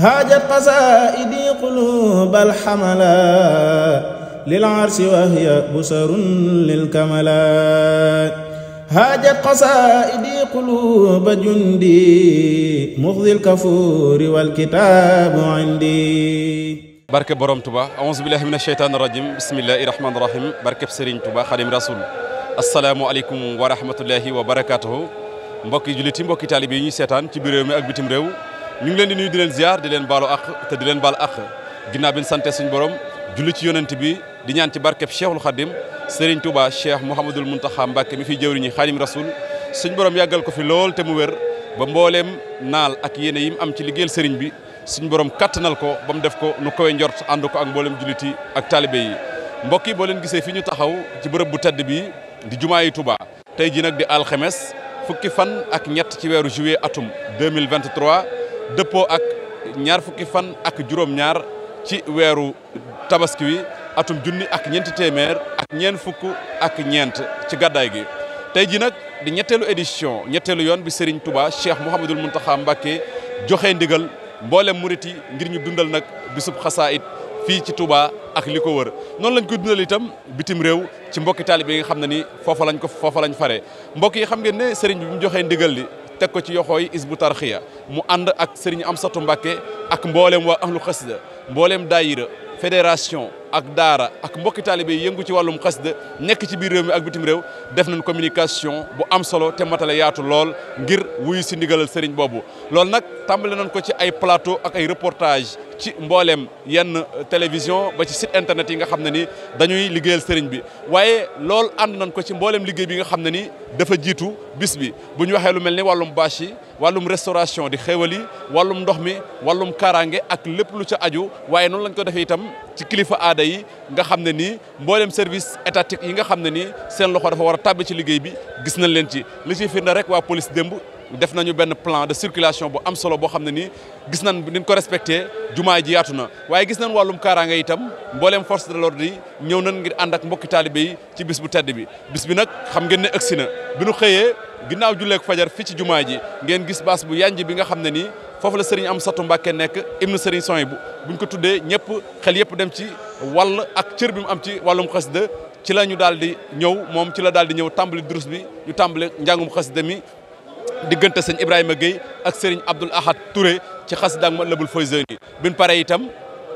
هاجت قصائدي قلوب الحملا للعرس وهي بسر للكملا هاجت قصائدي قلوب جندي مخزي الكفور والكتاب عندي barke borom Touba aouzu billahi mina sheytaani rajim bismillahi rahmaani rahim barke Serigne Touba xadim rasul asalaamualeykum wa rahmatullahi wa barakaatuhu mbokki jullit yi mbokki taalibe yi ñuy seetaan ci biir réew mi ak bitim réew ñu ngi leen di nuyu di leen ziar di leen baalu ak te di leen baal ak ginnaaw bi sante suñu borom julli ci yonent bi di ñaan ci barkeb Cheikhul Khadim Serigne Touba Cheikh Mouhamadul Mountakha Mbacké mi fi jëwriñi Khadim Rasoul suñu borom yàggal ko fi lool te mu wér ba mbooleem naal ak yéene yi mu am ci liggéeyal Serigne bi suñu borom kattanal ko ba def ko nu kowe njort ànd ko ak mbooleem jullit ak taalibe yi mbokk yi boo leen gisee fi ñu taxaw ci bërëb bu tedd bi di jumaa Touba tey ji nag di alxemes fukki fan ak ñett ci weeru juillet atum 2023 dëppoo ak ñaar fukki fan ak juróom-ñaar ci weeru tabaski wi atum junni ak ñeenti téeméer ak ñeent fukk ak ñeent ci gàddaay gi. tey ji nag di ñetteelu édition ñetteelu yoon bi Serigne Touba Cheikh mun Mountakha Mbacké joxe ndigal mboolem murit yi ngir ñu dundal nag bisub it fii ci Touba ak li ko wër noonu lañ ko dundal itam bitim réew ci mbokki taalibe yi nga xam ne ni foofa lañ ko foofa lañ fare mbokk yi xam ngeen ne Serigne bi mu joxee ndigal li teg ko ci yoxooy isbu tarxiya mu ànd ak sëriñ satu Mbàkke ak mboolem waa ahlu xasida mboolem daayira fédération ak daara ak mbokki taalibe yi yëngu ci wàllum xasida nekk ci biir réew mi ak bitim réew def nañ communication bu am solo te matale yaatu lool ngir wuyu si ndigalal sëriñ boobu. loolu nag tàmbale nañ ko ci ay plateau ak ay reportage ci mbooleem yenn télévision ba ci site internet yi nga xam ne ni dañuy liggéeyal sëriñ bi waaye loolu ànd nañ ko ci mbooleem liggéey bi nga xam ne ni dafa jiitu bis bi bu ñu waxee lu mel ni wàllum bâche yi wàllum restauration di xéewal yi wàllum ndox mi wàllum kaaraange ak lépp lu ca aju waaye noonu lañ ko defee itam ci kilifa aada yi nga xam ne nii mboolem service étatique yi nga xam ne ni seen loxo dafa war a tàbbi ci liggéey bi gis nañ leen ci li ci firnde rek waa police démb def nañu benn plan de circulation bu am solo boo xam ne ni gis nañ niñ ko respecté jumaa ji yaatu na waaye gis nañ wàllum kaaraanga itam mbooleem force de l'ordre yi ñëw nañ ngir ànd ak mbokki taalibe yi ci bis bu tedd bi bis bi nag xam ngeen ne ëgsi na bi nu xëyee ginnaaw julleek fajar fi ci jumaa ji ngeen gis baas bu yanj bi nga xam ne nii foofu la sëriñ Amsatu Mbàkke nekk ibnu sëriñ Soy bu buñ ko tuddee ñëpp xel yëpp dem ci wàll ak cër bi mu am ci wàllum xasida ci la ñu daal di ñëw moom ci la daal di ñëw tàmbali durus bi ñu tàmbali njàngum xasida mi diggante sëñ Ibrahima Gueye ak sëriñ Abdoul Ahad Touré ci xasida ak ma lëbul foy bin pare itam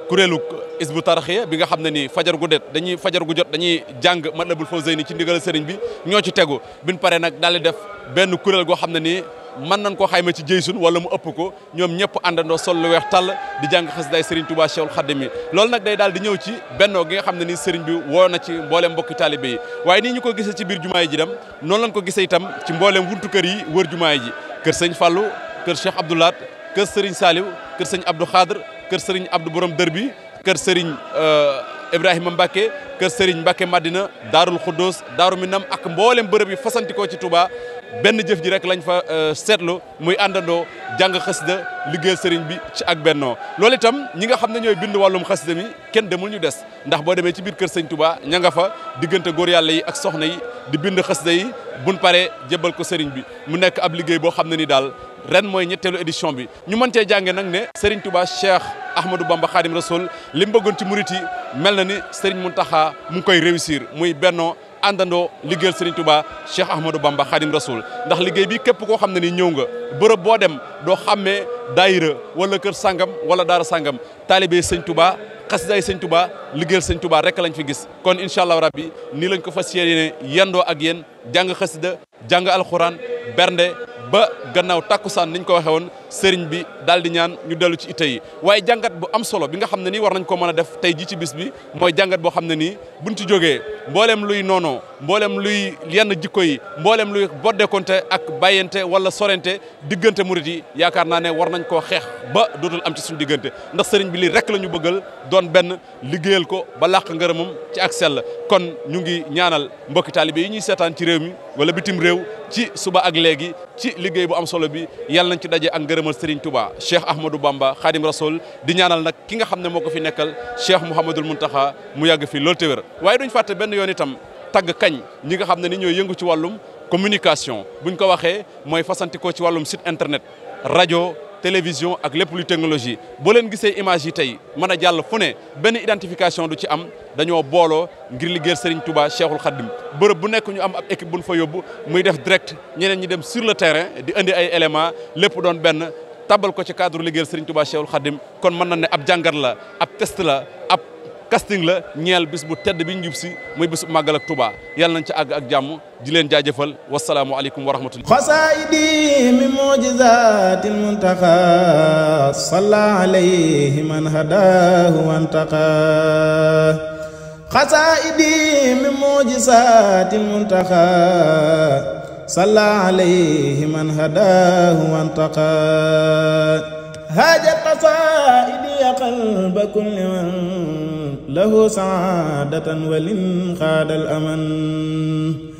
kuréelu isbu tarxiya bi nga xam ne nii fajar gu det dañuy fajar gu jot dañuy jàng Matlabul Fawzayni ci ndigal sëriñ bi ñoo ci tegu bin pare nag daal di def benn kuréel goo xam ne ni mën nañ ko xayma ci sun wala mu ëpp ko ñoom ñëpp àndandoo sol lu weex tàll di jàng xasidaay Serigne Touba Cheikhul Khadim yi lool nag day dal di ñëw ci benn gi nga xam ne nii Serigne bi woo na ci mbooleem mbokki taalibé yi waaye nii ñu ko gisee ci biir jumaay ji dem noonu lañ ko gisee itam ci mbooleem wuntu kër yi wër jumaay ji kër sëñ Fallou kër Cheikh Abdoulaat kër Serigne Saliou kër sëñ Abdou Khadre kër Serigne Abdou Borom dër bi kër Serigne euh, Ibrahima Mbacke kër Serigne Mbacke Madina Daarul Khuddoos Daaru nam ak mboolem bërëb yi fasantikoo ci tubaa benn jëf ji rek lañ fa euh, seetlu muy àndandoo jàng xasida liggéey Serigne bi ci ak bennoo loolu itam ñi nga xam ne ñooy bind wàllum xasida mi kenn demul ñu des ndax boo demee ci biir kër Serigne Touba ña nga fa diggante góor yàlla yi ak soxna yi di bind xasida yi bun paree jébbal ko Serigne bi mu nekk ab liggéey boo xam ne ni daal ren mooy ñetteelu édition bi ñu mën cee jàngee nag ne Serigne Touba Ahmadou Bamba Khadim Rasoul li mu bëggoon ci murit yi mel na ni Serigne Mountakha mu ngi koy réussir muy bennoo àndandoo liggéeyal Serigne Touba Cheikh Ahmadou Bamba Khadim Rasoul ndax liggéey bi képp koo xam ne ni ñëw nga bërëb boo dem doo xàmmee daayira wala kër sangam wala daara sangam taalibe Serigne tubaa xasidaay Serigne tubaa liggéeyal Serigne tubaa rek lañ fi gis. kon incha allah rabbi nii lañ ko fas yéene yendoo ak yéen jàng xasida jàng alxuraan bernde ba gannaaw takkusaan niñ ko waxee sëriñ bi daal di ñaan ñu dellu ci itte yi waaye jàngat bu am solo bi nga xam ne nii war nañ ko mën a def tey ji ci bis bi mooy jàngat boo xam ne nii buñ ci jógee mbooleem luy noonoo mbooleem luy yenn jikko yi mbooleem luy boddekonte ak bàyyente wala sorente diggante murit yi yaakaar naa ne war nañ koo xeex ba dootul am ci suñu diggante ndax sëriñ bi lii rek la ñu bëggal doon benn liggéeyal ko ba làq ngërëmam ci ak sell kon ñu ngi ñaanal mbokki taalibe yi ñuy seetaan ci réew mi wala bitim réew ci suba ak léegi ci liggéey bu am solo bi yàlla nañ ci daje ak ngërëm ngërëmal Serigne Touba Cheikh Ahmadou Bamba Khadim Rasoul di ñaanal nag ki nga xam ne moo ko fi nekkal Cheikh mun Mountakha mu yàgg fi lool te wér waaye duñ fàtte benn yoon itam tagg kañ ñi nga xam ne ni ñoo yëngu ci wàllum communication buñ ko waxee mooy fasantikoo ci wàllum site internet rajo télévision ak lépp luy technologie boo leen gisee image yi tey mën a jàll fu identification du ci am dañoo booloo ngir liggéeyal Serigne Touba Cheikhoul Khadim bërëb bu nekk ñu am ab équipe bu ñu fa yóbbu muy def direct ñeneen ñi dem sur le terrain di indi ay éléments lépp doon benn tabal ko ci cadre liggéeyal Serigne Touba Cheikhoul Khadim kon mën na ne ab jàngat la ab test la ab. casting la ñeel bis bu tedd bi ñu jub si muy bis bu màggal ak Touba yàlla nañ ci àgg ak jàmm di leen jaajëfal wasalaamu aleykum wa rahmatullah xasaayidi min mujizatil muntaqa salla alayhi man hadahu wantaqa xasaayidi min mujizatil muntaqa salla alayhi man hadahu wantaqa haja qasaid قلب كل من له سعادة ولن خاد الأمن